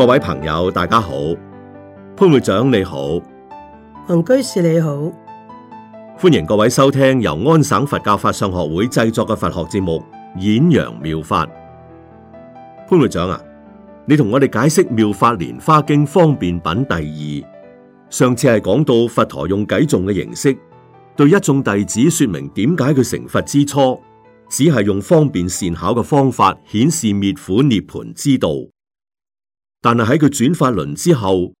各位朋友，大家好，潘會長你好，洪居士你好，歡迎各位收聽由安省佛教法相學會製作嘅佛學節目《演揚妙，妙法》。潘會長啊，你同我哋解釋妙法蓮花經方便品第二。上次係講到佛陀用偈頌嘅形式，對一眾弟子說明點解佢成佛之初，只係用方便善巧嘅方法顯示滅苦涅槃之道。但係喺佢轉法輪之後，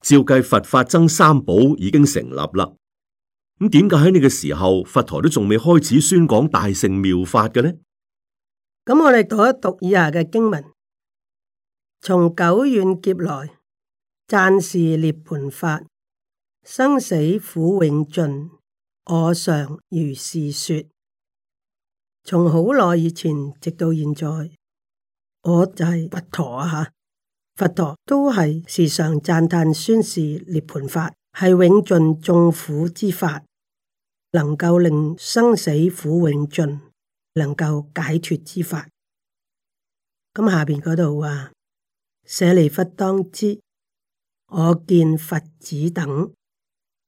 照計佛法僧三寶已經成立啦。咁點解喺呢個時候佛陀都仲未開始宣講大乘妙法嘅呢？咁我哋讀一讀以下嘅經文：從久遠劫來，讚是涅槃法，生死苦永盡，我常如是說。從好耐以前直到現在，我就係佛陀啊吓。佛陀都係時常讚歎宣示涅盤法係永盡眾苦之法，能夠令生死苦永盡，能夠解脫之法。咁下邊嗰度話，舍利弗當知，我見佛子等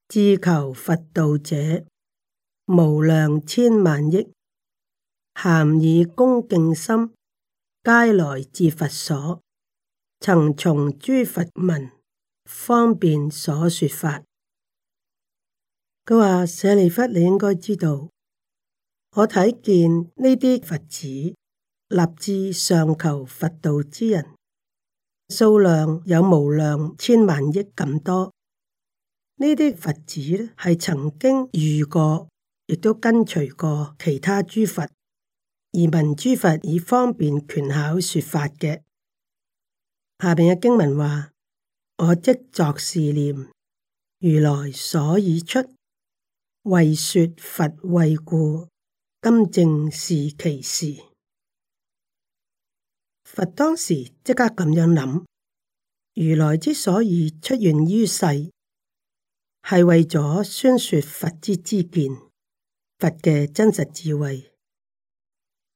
志求佛道者，無量千萬億，咸以恭敬心，皆來至佛所。曾從諸佛聞方便所說法，佢話舍利弗，你應該知道，我睇見呢啲佛子立志上求佛道之人數量有無量千萬億咁多，呢啲佛子係曾經遇過，亦都跟隨過其他諸佛而聞諸佛以方便權巧說法嘅。下面嘅經文話：我即作是念，如來所以出，為說佛為故，今正是其時。佛當時即刻咁樣諗：如來之所以出現於世，係為咗宣說佛之知見，佛嘅真實智慧。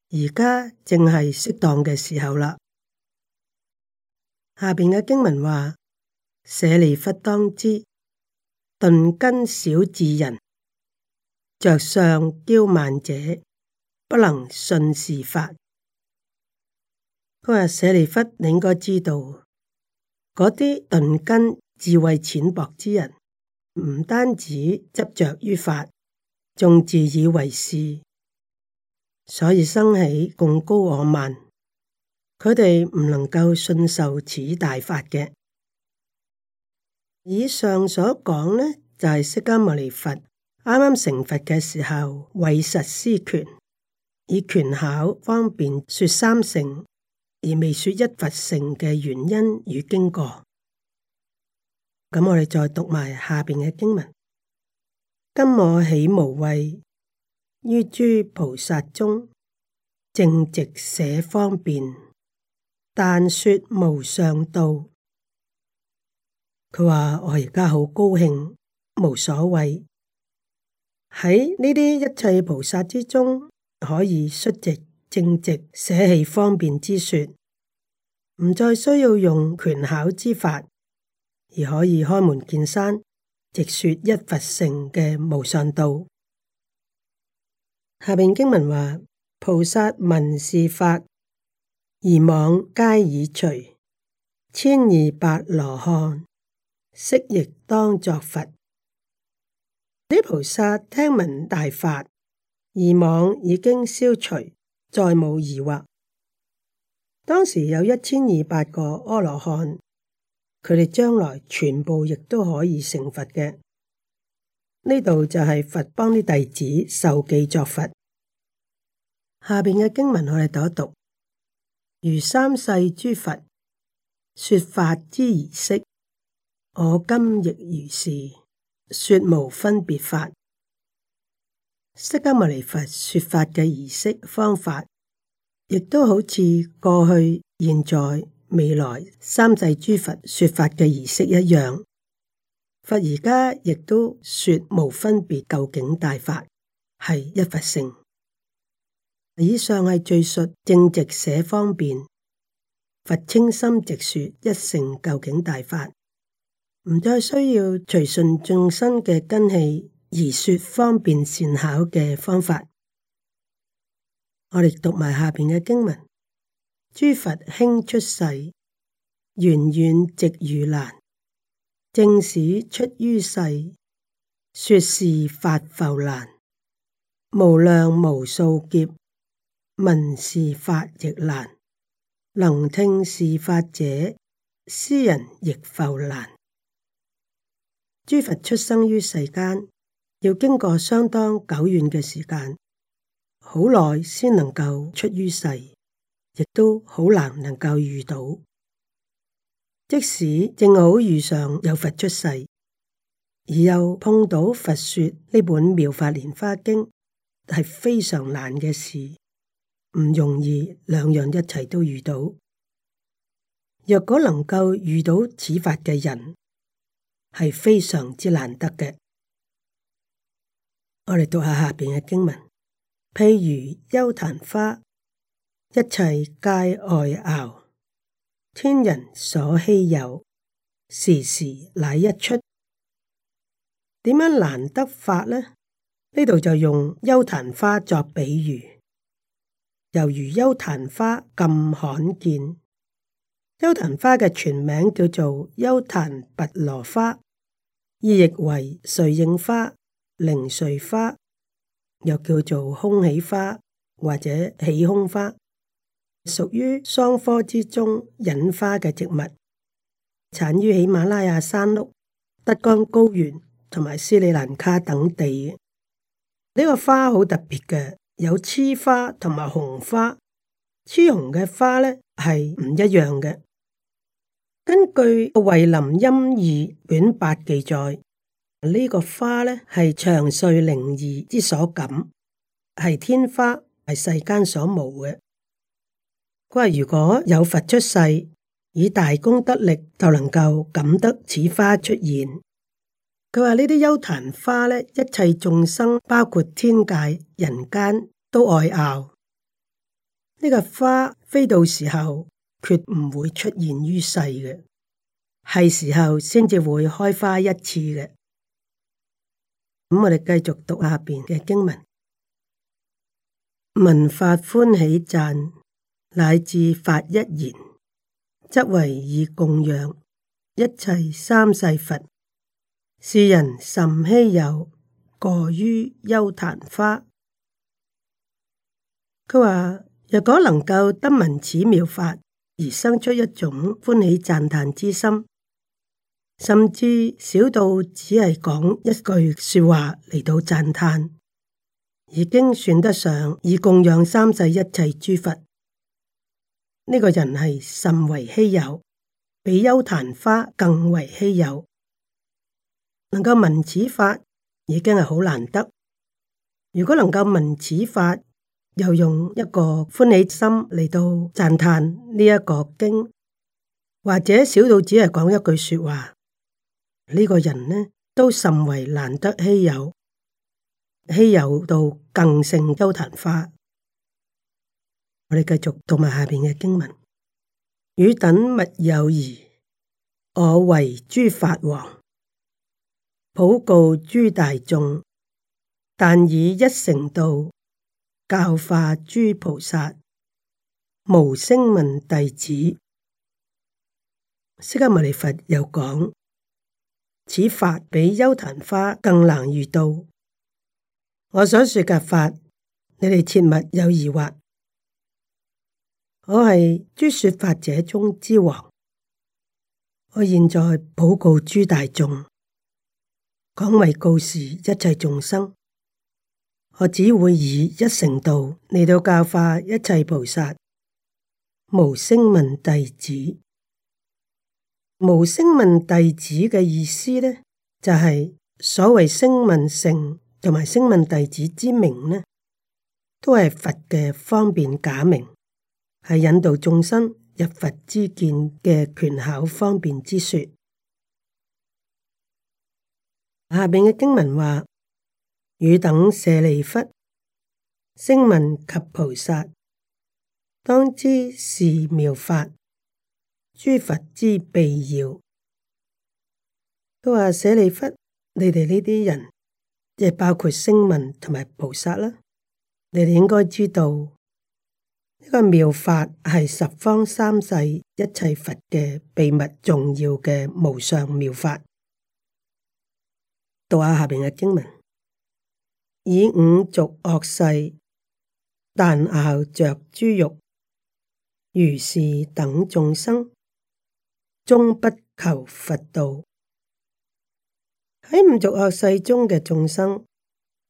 而家正係適當嘅時候啦。下邊嘅經文話：舍利弗當知，鈍根小智人，著相憍慢者，不能信是法。佢話舍利弗，你應該知道，嗰啲鈍根智慧淺薄之人，唔單止執着於法，仲自以為是，所以生起貢高傲慢。佢哋唔能夠信受此大法嘅。以上所講呢，就係釋迦牟尼佛啱啱成佛嘅時候，為實施權，以權巧方便説三乘，而未説一佛乘嘅原因與經過。咁我哋再讀埋下邊嘅經文：今我喜無畏，於諸菩薩中，正直捨方便。但說無上道，佢話我而家好高興，無所謂。喺呢啲一切菩薩之中，可以率直正直，捨棄方便之說，唔再需要用權巧之法，而可以開門見山，直說一佛乘嘅無上道。下邊經文話菩薩聞是法。疑網皆已除，千二百羅漢悉亦當作佛。呢菩薩聽聞大法，疑網已經消除，再冇疑惑。當時有一千二百個阿羅漢，佢哋將來全部亦都可以成佛嘅。呢度就係佛幫啲弟子受記作佛。下邊嘅經文我哋讀一讀。如三世諸佛說法之儀式，我今亦如是說無分別法。釋迦牟尼佛說法嘅儀式方法，亦都好似過去、現在、未來三世諸佛說法嘅儀式一樣。佛而家亦都說無分別究竟大法，係一佛性。以上係敘述正直捨方便，佛清心直說一乘究竟大法，唔再需要隨順眾生嘅根器而說方便善巧嘅方法。我哋讀埋下邊嘅經文：諸佛興出世，懸遠值遇難，正使出于世，說是法復難，無量無數劫。聞是法亦難，能聽是法者，斯人亦復難。諸佛出生於世間，要經過相當久遠嘅時間，好耐先能夠出於世，亦都好難能夠遇到。即使正好遇上有佛出世，而又碰到佛說呢本妙法蓮花經，係非常難嘅事。唔容易，兩樣一齊都遇到。若果能夠遇到此法嘅人，係非常之難得嘅。我哋讀下下邊嘅經文，譬如優曇花，一切皆愛樂，天人所稀有，時時乃一出。點樣難得法呢？呢度就用優曇花作比喻。猶如優曇花咁罕見。優曇花嘅全名叫做優曇跋羅花，意譯為瑞應花、靈瑞花，又叫做空喜花或者喜空花，屬於桑科之中隱花嘅植物，產於喜馬拉雅山麓、德干高原同埋斯里蘭卡等地。呢、這個花好特別嘅。有黐花同埋紅花，黐紅嘅花呢係唔一樣嘅。根據《慧琳音義》卷八記載，呢、這個花呢係長歲靈異之所感，係天花，係世間所無嘅。佢話如果有佛出世，以大功德力就能夠感得此花出現。佢話呢啲優曇花呢一切眾生，包括天界、人間，都愛咬呢、這個花。非到時候決唔會出現於世嘅，係時候先至會開花一次嘅。咁我哋繼續讀下邊嘅經文：，聞法歡喜讚，乃至發一言，則為以供養一切三世佛。是人甚稀有，過於優曇花。佢話：若果能夠得聞此妙法，而生出一種歡喜讚嘆之心，甚至少到只係講一句說話嚟到讚嘆，已經算得上以供養三世一切諸佛。呢、這個人係甚為稀有，比優曇花更為稀有。能夠聞此法已經係好難得。如果能夠聞此法，又用一個歡喜心嚟到讚嘆呢一個經，或者少到只係講一句說話，呢、這個人呢都甚為難得稀有，稀有到更勝優曇花。我哋繼續讀埋下邊嘅經文：汝等勿有疑，我為諸法王。普告諸大眾，但以一乘道教化諸菩薩，無聲聞弟子。釋迦牟尼佛又講：此法比優曇花更難遇到。我想說嘅法，你哋切勿有疑惑。我係諸說法者中之王，我現在普告諸大眾。講為告示一切眾生，我只會以一乘道嚟到教化一切菩薩。無聲聞弟子。無聲聞弟子嘅意思呢？就係、是、所謂聲聞乘同埋聲聞弟子之名呢，都係佛嘅方便假名，係引導眾生入佛之見嘅權巧方便之說。下邊嘅經文話：汝等舍利弗，聲聞及菩薩，當知是妙法，諸佛之秘要。都話舍利弗，你哋呢啲人，亦包括聲聞同埋菩薩啦，你哋應該知道呢個妙法係十方三世一切佛嘅秘密重要嘅無上妙法。讀下下邊嘅經文，以五濁惡世，但樂著諸欲，如是等眾生，終不求佛道。喺五濁惡世中嘅眾生，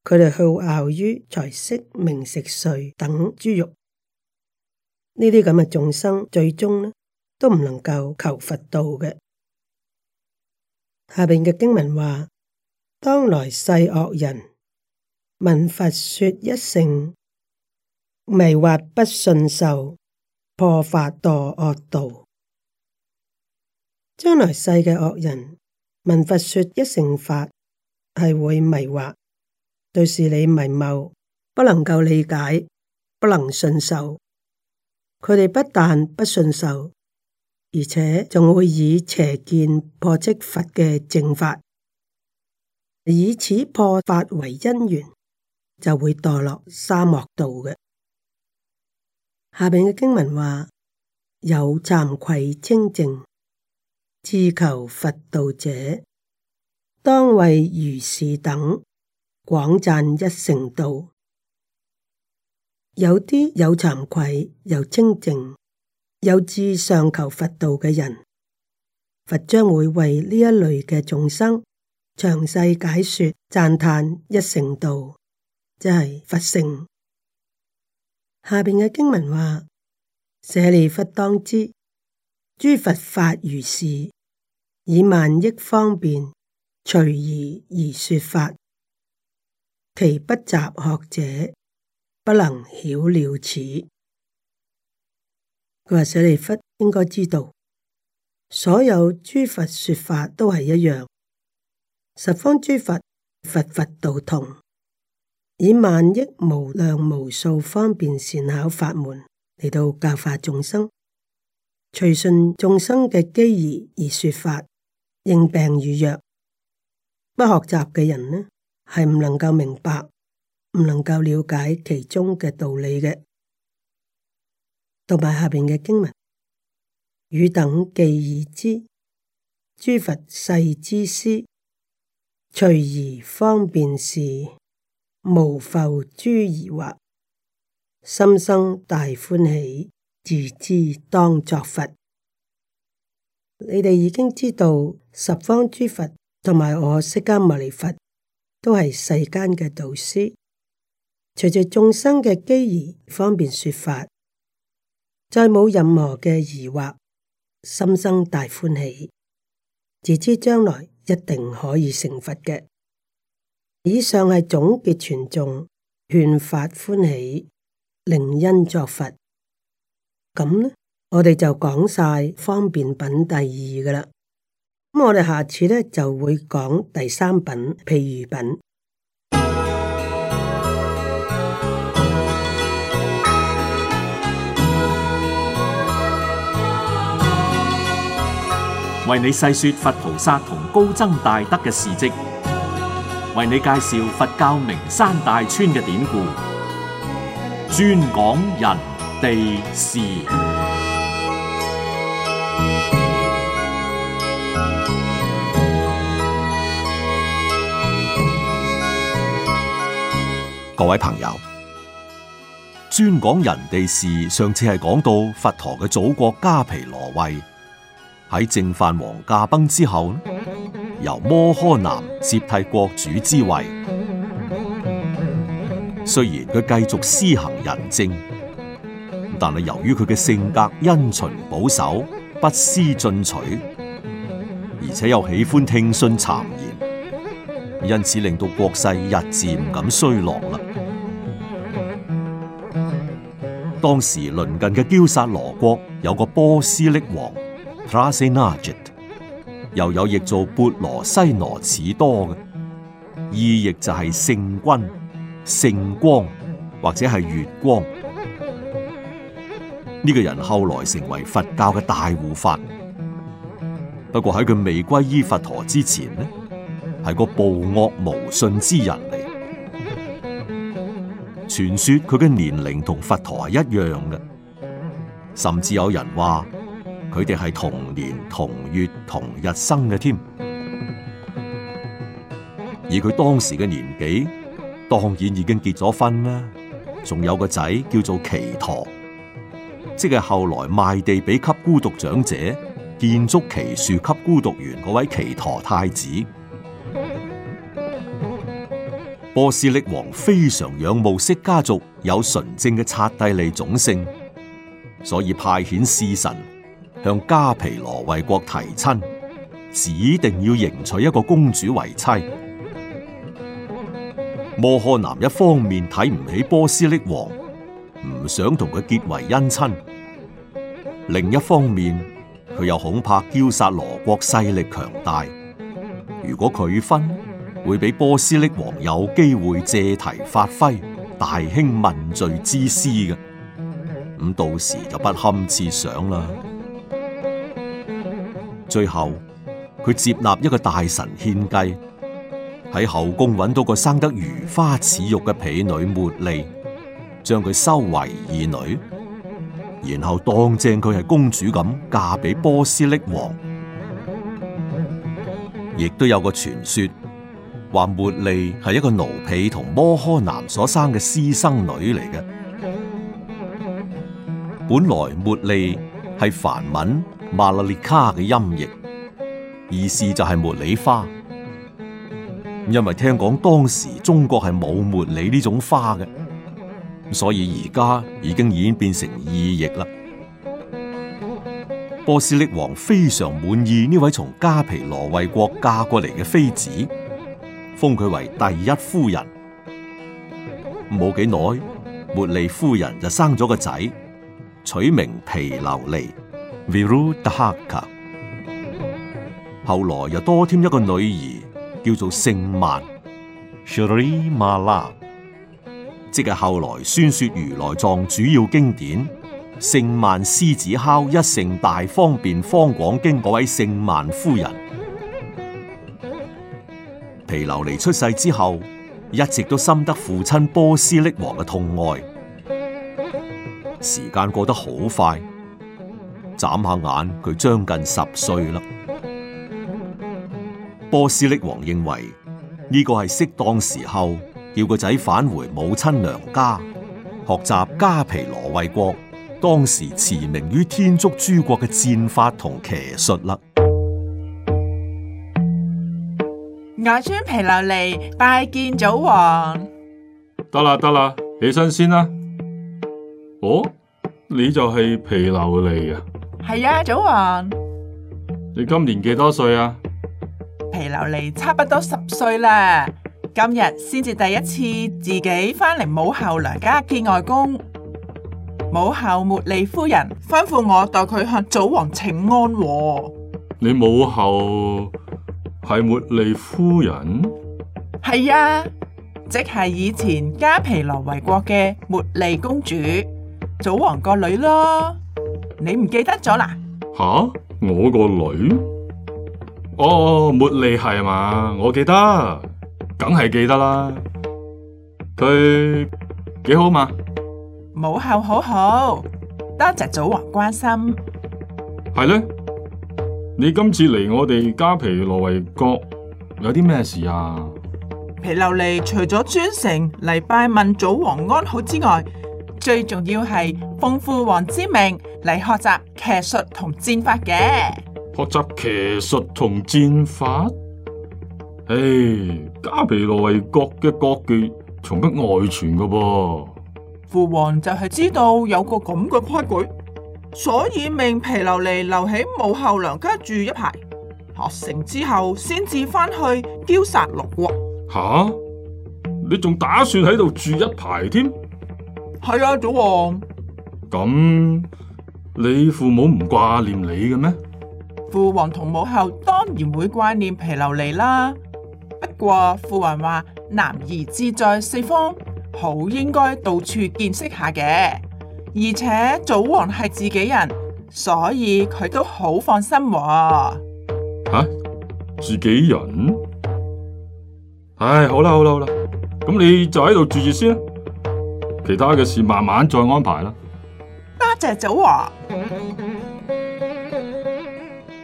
佢哋好樂於財色名食睡等諸欲，呢啲咁嘅眾生，最終呢都唔能夠求佛道嘅。下邊嘅經文話。當來世惡人聞佛說一乘，迷惑不信受，破法墮惡道。將來世嘅惡人聞佛說一乘法，係會迷惑，對事理迷謬，不能夠理解，不能信受。佢哋不但不信受，而且仲會以邪見破斥佛嘅正法。以此破法為因緣，就會墮落沙漠道嘅。下邊嘅經文話：有慚愧、清淨、自求佛道者，當為如是等廣讚一乘道。有啲有慚愧、有清淨、有志上求佛道嘅人，佛將會為呢一類嘅眾生。詳細解說讚嘆一乘道，即係佛乘。下邊嘅經文話：舍利弗當知，諸佛法如是，以萬億方便隨宜而說法，其不習學者不能曉了此。佢話舍利弗應該知道，所有諸佛說法都係一樣。十方諸佛，佛佛道同，以萬億無量無數方便善巧法門嚟到教化眾生，隨順眾生嘅機宜而說法，應病與藥。不學習嘅人呢，係唔能夠明白，唔能夠了解其中嘅道理嘅。讀埋下邊嘅經文，汝等既已知，諸佛世之師。隨宜方便事，無浮諸疑惑，心生大歡喜，自知當作佛。你哋已經知道十方諸佛同埋我釋迦牟尼佛都係世間嘅導師，隨着眾生嘅機宜方便說法，再冇任何嘅疑惑，心生大歡喜，自知將來。一定可以成佛嘅。以上係總結全衆勸發歡喜令因作佛，咁呢，我哋就講晒方便品第二㗎喇。咁我哋下次呢就會講第三品譬喻品。為你細說佛菩薩同高僧大德嘅事跡，為你介紹佛教名山大川嘅典故，專講人地事。各位朋友，專講人地事，上次係講到佛陀嘅祖國加毗羅衛。喺淨飯王駕崩之後，由摩訶男接替國主之位。雖然佢繼續施行仁政，但係由於佢嘅性格因循保守、不思進取，而且又喜歡聽信讒言，因此令到國勢日漸咁衰落啦。當時鄰近嘅憍薩羅國有個波斯匿王。又有譯做波羅西羅此多嘅，意譯就係、是、勝軍、勝光或者係月光。呢、這個人後來成為佛教嘅大護法，不過喺佢未歸依佛陀之前呢，係個暴惡無信之人嚟。傳說佢嘅年齡同佛陀係一樣嘅，甚至有人話。佢哋係同年同月同日生嘅添。而佢當時嘅年紀，當然已經結咗婚啦。仲有個仔叫做祇陀，即係後來賣地俾給級孤獨長者，建築祇樹給孤獨園嗰位祇陀太子。波斯匿王非常仰慕釋迦族有純正嘅剎帝利種姓，所以派遣侍臣。向加皮羅衛國提親，指定要迎娶一個公主為妻。摩訶男一方面睇唔起波斯匿王，唔想同佢結為姻親；另一方面，佢又恐怕驕殺羅國勢力強大。如果佢分，會俾波斯匿王有機會借題發揮，大興問罪之師嘅。咁到時就不堪設想啦。最後，佢接納一個大臣獻計，喺後宮揾到個生得如花似玉嘅婢女茉莉，將佢收為義女，然後當正佢係公主咁嫁俾波斯匿王。亦都有個傳說話，茉莉係一個奴婢同摩訶男所生嘅私生女嚟嘅。本來茉莉係梵文。馬勒列卡嘅音譯，意思就係茉莉花，因為聽講當時中國係冇茉莉呢種花嘅，所以而家已經演變成意譯啦。波斯匿王非常滿意呢位從加皮羅衛國嫁過嚟嘅妃子，封佢為第一夫人。冇幾耐，茉莉夫人就生咗個仔，取名毗琉璃。後來又多添一個女兒，叫做聖曼 （Shri m a l 即係後來宣說如來藏主要經典《聖曼獅子敲一乘大方便方廣經》嗰位聖曼夫人。皮琉尼出世之後，一直都深得父親波斯匿王嘅痛愛。時間過得好快。眨下眼，佢將近十歲啦。波斯匿王認為呢個係適當時候，叫個仔返回母親娘家，學習迦毗羅衛國當時馳名於天竺諸國嘅戰法同騎術啦。外孫毗琉璃拜見祖王。得啦得啦，起身先啦。哦，你就係毗琉璃啊？係啊，祖王，你今年幾多歲啊？毗琉璃差不多十歲啦，今日先至第一次自己翻嚟母後娘家見外公。母後茉莉夫人吩咐我代佢向祖王請安和。你母後係茉莉夫人？係啊，即係以前迦毗羅衛國嘅茉莉公主，祖王個女咯。你唔記得咗啦？吓，我個女，哦，茉利，係呀嘛，我記得，梗係記得啦。佢幾好嘛？母后好好，多謝祖王關心。係咧，你今次嚟我哋迦毗羅衛國，有啲咩事啊？毗琉璃，除咗專程嚟拜問祖王安好之外，最重要係奉父王之命嚟學習騎術同戰法嘅，學習騎術同戰法。唉，迦毗羅衛國嘅國技從不外傳噶噃。父王就係知道有個咁嘅規矩，所以命毗琉璃留喺母后娘家住一排，學成之後先至翻去憍薩羅國。吓，你仲打算喺度住一排添？係啊，祖王。咁你父母唔掛念你嘅咩？父王同母后當然會掛念毗琉璃啦。不過父王話，男兒志在四方，好應該到處見識下嘅。而且祖王係自己人，所以佢都好放心。吓，啊，自己人？唉，好啦好啦好啦，咁你就喺度住住先，啊。其他嘅事慢慢再安排啦。多謝祖華。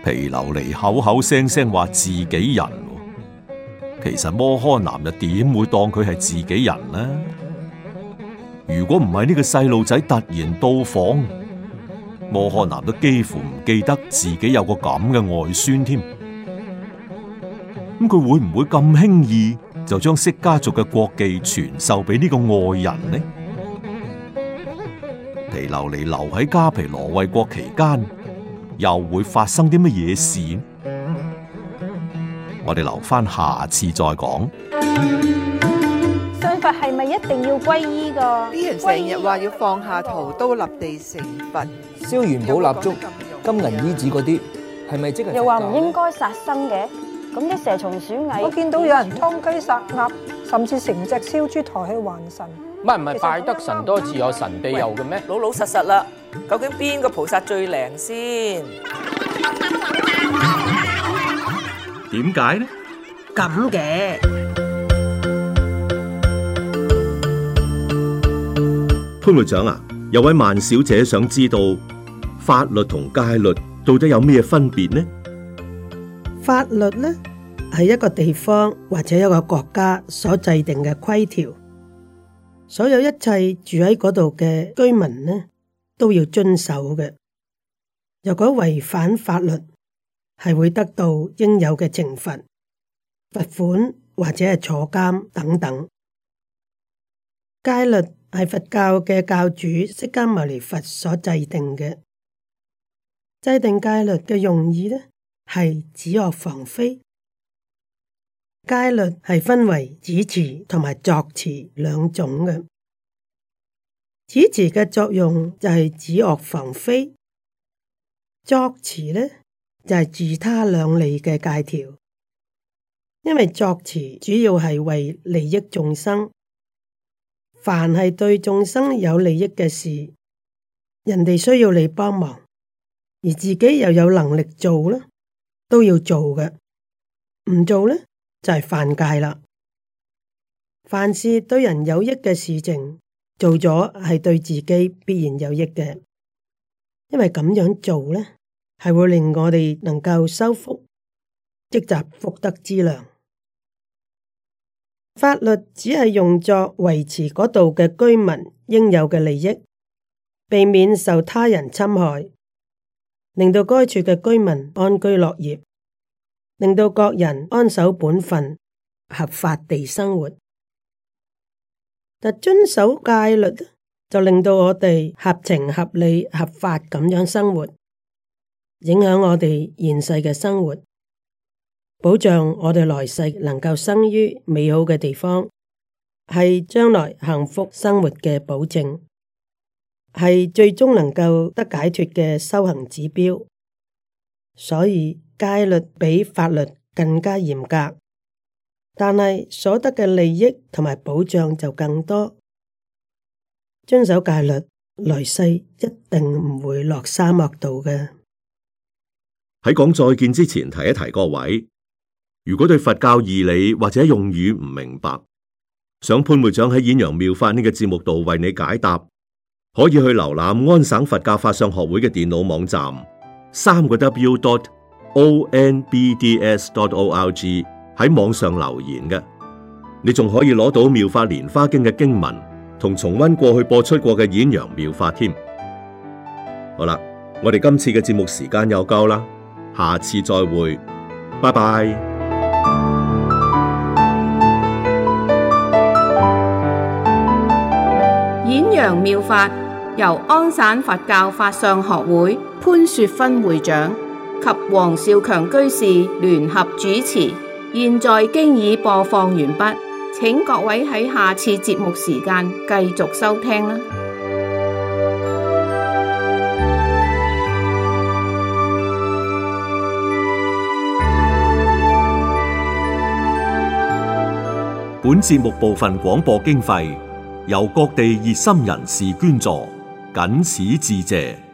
毗琉璃口口聲聲話自己人，其實摩訶男又點會當佢係自己人呢？如果唔係呢個細路仔突然到訪，摩訶男都幾乎唔記得自己有個咁嘅外孫添。咁佢會唔會咁輕易就將釋迦族嘅國技傳授俾呢個外人呢？毗琉璃留喺迦毗羅衛國期間，又會發生啲乜嘢事？我哋留返下次再講。信佛係咪一定要皈依㗎？啲人成日話要放下屠刀立地成佛，燒元寶蠟燭、金銀衣紙嗰啲，係咪即係？又話唔應該殺生嘅，咁啲蛇蟲鼠蟻，我見到有人劏雞殺鴨，甚至成隻燒豬抬去還神。唔係唔係，拜得神多自有神庇佑嘅咩？老老實實啦，究竟邊個菩薩最靚先？點解呢？咁嘅潘會長啊，有位萬小姐想知道法律同戒律到底有咩分別呢？法律呢係一個地方或者一個國家所制定嘅規條。所有一切住喺嗰度嘅居民呢，都要遵守嘅。如果違反法律，係會得到應有嘅懲罰、罰款或者係坐監等等。戒律係佛教嘅教主釋迦牟尼佛所制定嘅。制定戒律嘅用意呢，係止惡防非。戒律係分為止持同埋作持兩種嘅。止持嘅作用就係止惡防非，作持呢就係、是、自他兩利嘅戒條。因為作持主要係為利益眾生，凡係對眾生有利益嘅事，人哋需要你幫忙，而自己又有能力做呢，都要做嘅。唔做呢？就係犯戒啦！凡事對人有益嘅事情做咗，係對自己必然有益嘅，因為咁樣做呢，係會令我哋能夠修福，積集福德之糧。法律只係用作維持嗰度嘅居民應有嘅利益，避免受他人侵害，令到該處嘅居民安居樂業。令到國人安守本分，合法地生活。但遵守戒律就令到我哋合情、合理、合法咁樣生活，影響我哋現世嘅生活，保障我哋來世能夠生於美好嘅地方，係將來幸福生活嘅保證，係最終能夠得解脫嘅修行指標。所以。戒律比法律更加嚴格，但係所得嘅利益同埋保障就更多。遵守戒律，來世一定唔會落沙漠度嘅。喺講再見之前，提一提各位，如果對佛教義理或者用語唔明白，想潘會長喺演揚妙法呢個節目度為你解答，可以去瀏覽安省佛教法相學會嘅電腦網站，三個 W dot。O N B D S. dot o l g 喺網上留言嘅，你仲可以攞到《妙法蓮華經》嘅經文同重温過去播出過嘅演揚妙法添。好啦，我哋今次嘅節目時間又夠啦，下次再會，拜拜。演揚妙法由安省佛教法相學會潘雪芬會長。及黃少強居士聯合主持，現在經已播放完畢，請各位喺下次節目時間繼續收聽啦。本節目部分廣播經費由各地熱心人士捐助，謹此致謝。